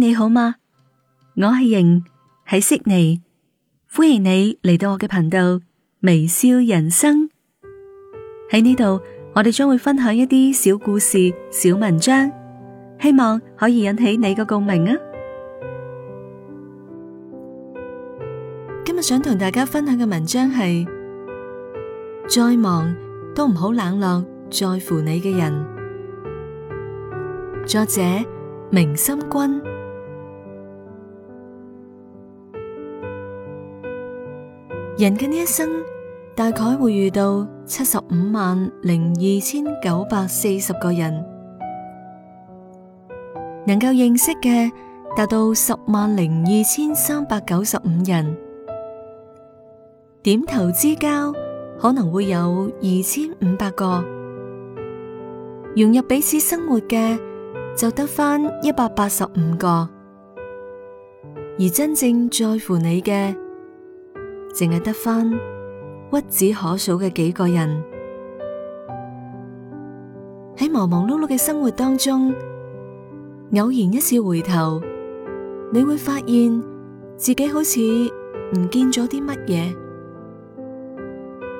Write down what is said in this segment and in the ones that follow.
你好嗎？我係瑩，喺悉尼，歡迎你嚟到我嘅頻道微笑人生。喺呢度，我哋將會分享一啲小故事、小文章，希望可以引起你嘅共鳴啊！今日想同大家分享嘅文章係：再忙都唔好冷落，在乎你嘅人。作者：明心君。人嘅呢一生大概會遇到七十五萬零二千九百四十個人，能夠認識嘅達到十萬零二千三百九十五人，點頭之交可能會有二千五百個，融入彼此生活嘅就得返一百八十五個，而真正在乎你嘅，淨係得返屈指可數嘅幾個人，喺忙忙碌碌嘅生活當中，偶然一次回頭，你會發現自己好似唔見咗啲乜嘢，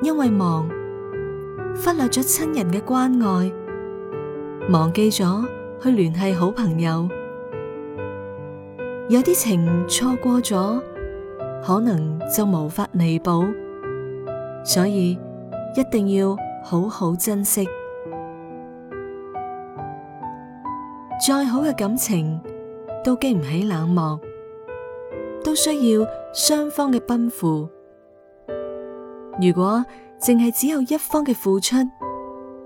因為忙，忽略咗親人嘅關愛，忘記咗去聯繫好朋友，有啲情錯過咗。可能就無法彌補，所以一定要好好珍惜。再好嘅感情都經唔起冷漠，都需要雙方嘅奔赴。如果淨係只有一方嘅付出，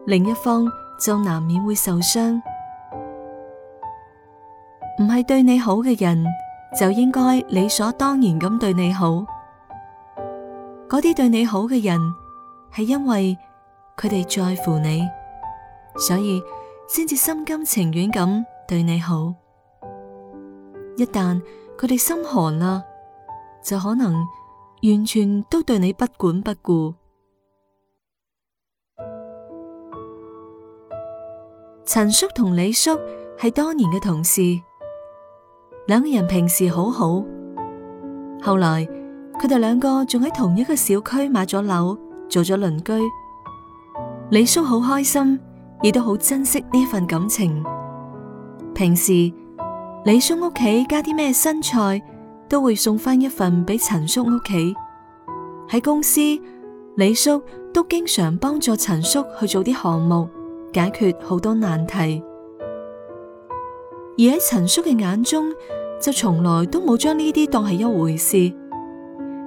另一方就難免會受傷。唔係對你好嘅人。就應該理所當然咁對你好。嗰啲對你好嘅人，係因為佢哋在乎你，所以先至心甘情願咁對你好。一旦佢哋心寒啦，就可能完全都對你不管不顧。陳叔同李叔係多年嘅同事。兩個人平時好好，後來佢哋兩個仲喺同一個小區買咗樓，做咗鄰居。李叔好開心，亦都好珍惜呢份感情。平時李叔屋企加啲咩新菜，都會送返一份俾陳叔屋企。喺公司，李叔都經常幫助陳叔去做啲項目，解決好多難題。而喺陳叔嘅眼中，就從來都冇將呢啲當係一回事，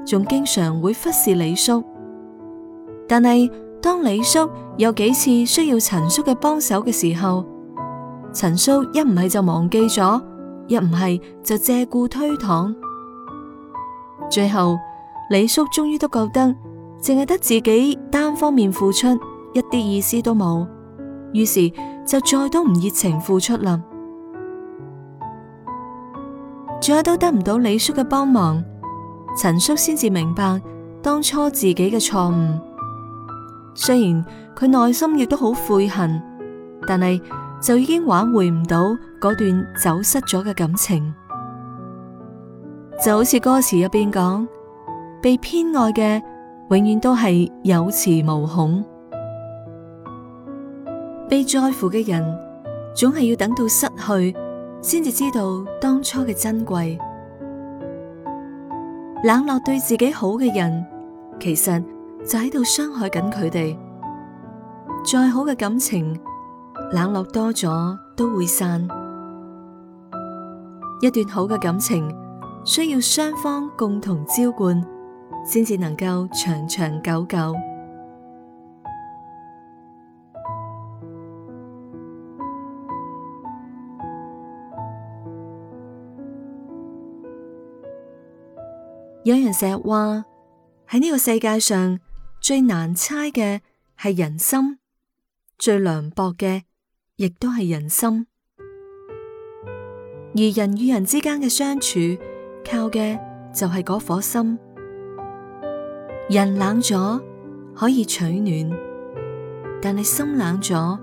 仲經常會忽視李叔。但係當李叔有幾次需要陳叔嘅幫手嘅時候，陳叔一唔係就忘記咗，一唔係就借故推搪。最後李叔終於都覺得淨係得自己單方面付出，一啲意思都冇，於是就再都唔熱情付出啦。仲有都得唔到李叔嘅幫忙，陳叔先至明白當初自己嘅錯誤。雖然佢內心亦都好悔恨，但係就已經挽回唔到嗰段走失咗嘅感情。就好似歌詞入邊講：被偏愛嘅永遠都係有恃無恐，被在乎嘅人總係要等到失去。先至知道當初嘅珍貴，冷落對自己好嘅人，其實就喺度傷害緊佢哋。再好嘅感情，冷落多咗都會散。一段好嘅感情，需要雙方共同澆灌，先至能夠長長久久。有人成日話，喺呢個世界上最難猜嘅係人心，最涼薄嘅亦都係人心。而人與人之間嘅相處，靠嘅就係嗰顆心。人冷咗可以取暖，但係心冷咗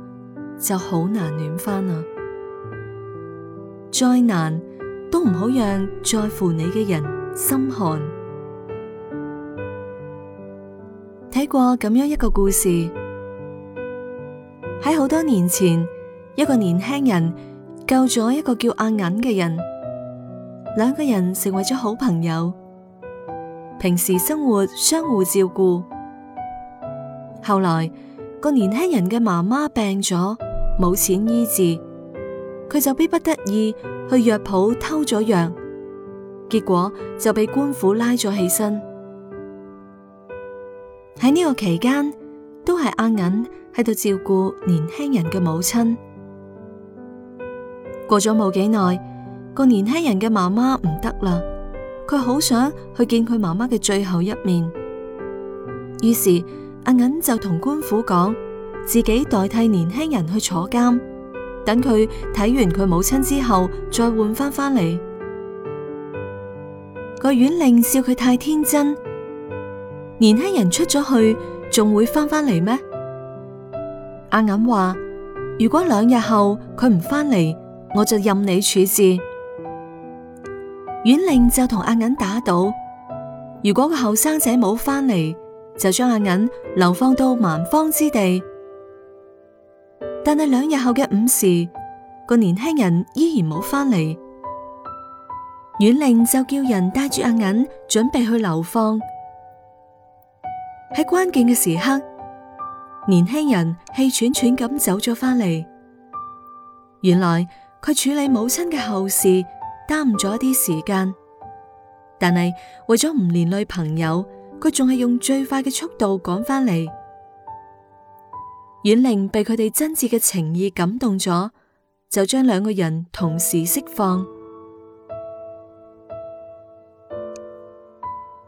就好難暖翻啦。再難都唔好讓在乎你嘅人心寒。睇過咁樣一個故事，喺好多年前，一個年輕人救咗一個叫阿銀嘅人，兩個人成為咗好朋友，平時生活相互照顧。後來，個年輕人嘅媽媽病咗，冇錢醫治，佢就逼不得已去藥鋪偷咗藥。結果就被官府拉咗起身。喺呢個期間，都係阿銀喺度照顧年輕人嘅母親。過咗冇幾耐，個年輕人嘅媽媽唔得啦，佢好想去見佢媽媽嘅最後一面。於是阿銀就同官府講，自己代替年輕人去坐監，等佢睇完佢母親之後，再換翻翻嚟。個縣令笑佢太天真，年輕人出咗去，仲會翻返嚟咩？阿銀話：如果兩日後佢唔返嚟，我就任你處置。縣令就同阿銀打賭：如果個後生仔冇返嚟，就將阿銀流放到蠻荒之地。但係兩日後嘅午時，個年輕人依然冇返嚟。婉玲就叫人帶住阿銀，準備去流放。喺關鍵嘅時刻，年輕人氣喘喘咁走咗返嚟。原來佢處理母親嘅後事耽誤咗一啲時間，但係為咗唔連累朋友，佢仲係用最快嘅速度趕返嚟。婉玲被佢哋真摯嘅情意感動咗，就將兩個人同時釋放。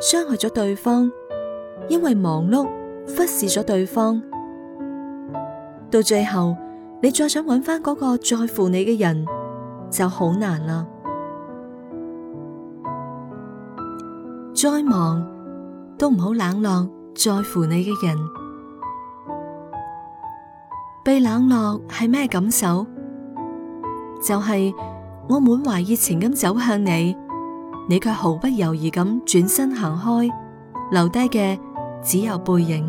傷害咗對方，因為忙碌忽視咗對方，到最後你再想揾翻嗰個在乎你嘅人就好難啦。再忙都唔好冷落在乎你嘅人。被冷落係咩感受？就係我滿懷熱情咁走向你。你卻毫不猶豫咁轉身行開，留低嘅只有背影。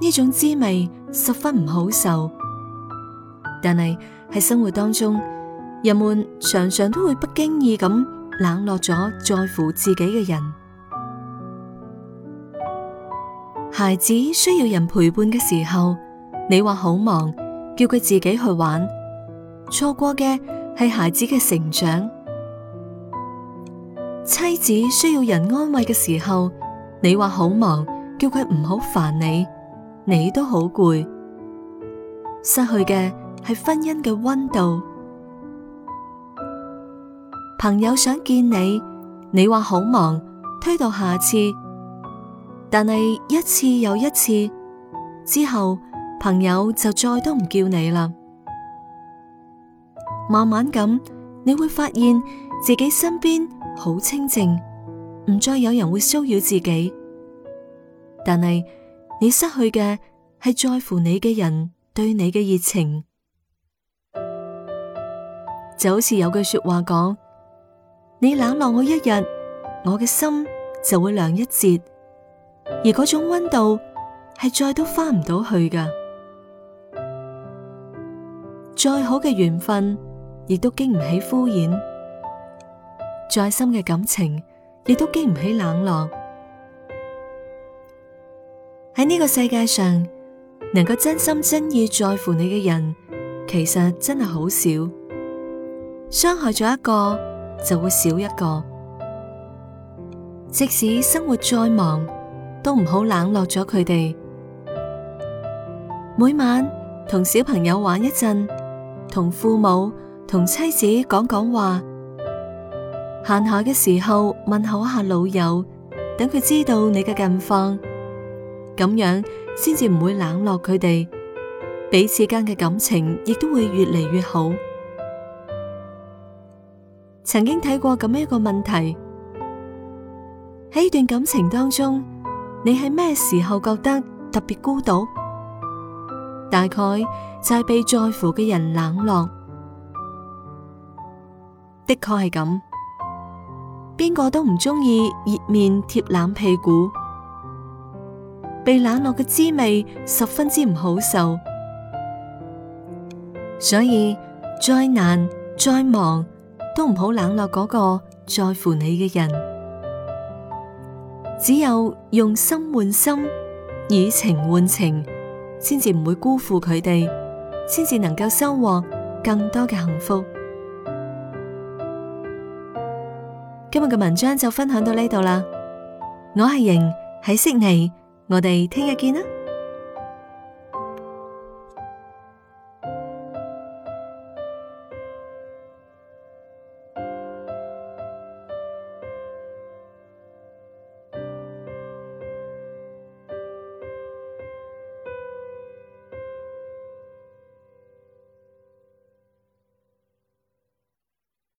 呢種滋味十分唔好受，但係喺生活當中，人們常常都會不經意咁冷落咗在乎自己嘅人。孩子需要人陪伴嘅時候，你話好忙，叫佢自己去玩，錯過嘅係孩子嘅成長。妻子需要人安慰嘅時候，你話好忙，叫佢唔好煩你，你都好攰。失去嘅，係婚姻嘅溫度。朋友想見你，你話好忙，推到下次，但係一次又一次之後，朋友就再都唔叫你啦。慢慢咁，你會發現。自己身邊好清靜，唔再有人會騷擾自己。但係你失去嘅係在乎你嘅人對你嘅熱情， 就好似有句說話講：你冷落我一日，我嘅心就會涼一截。而嗰種温度係再都翻唔到去噶。再好嘅緣分，亦都經唔起敷衍。再深嘅感情，亦都經唔起冷落。喺呢個世界上，能夠真心真意在乎你嘅人，其實真係好少。傷害咗一個，就會少一個。即使生活再忙，都唔好冷落咗佢哋。每晚同小朋友玩一陣，同父母、同妻子講講話。閒下嘅時候問候一下老友，等佢知道你嘅近況，咁樣先至唔會冷落佢哋，彼此間嘅感情亦都會越嚟越好。曾經睇過咁樣一個問題，喺段感情當中，你喺咩時候覺得特別孤獨？大概就係被在乎嘅人冷落，的確係咁。邊個都唔鍾意熱面貼冷屁股，被冷落嘅滋味十分之唔好受。所以再難再忙都唔好冷落嗰個在乎你嘅人。只有用心換心，以情換情，先至唔會辜負佢哋，先至能夠收穫更多嘅幸福。今日嘅文章就分享到呢度啦，我係瑩喺悉尼，我哋聽日見啦。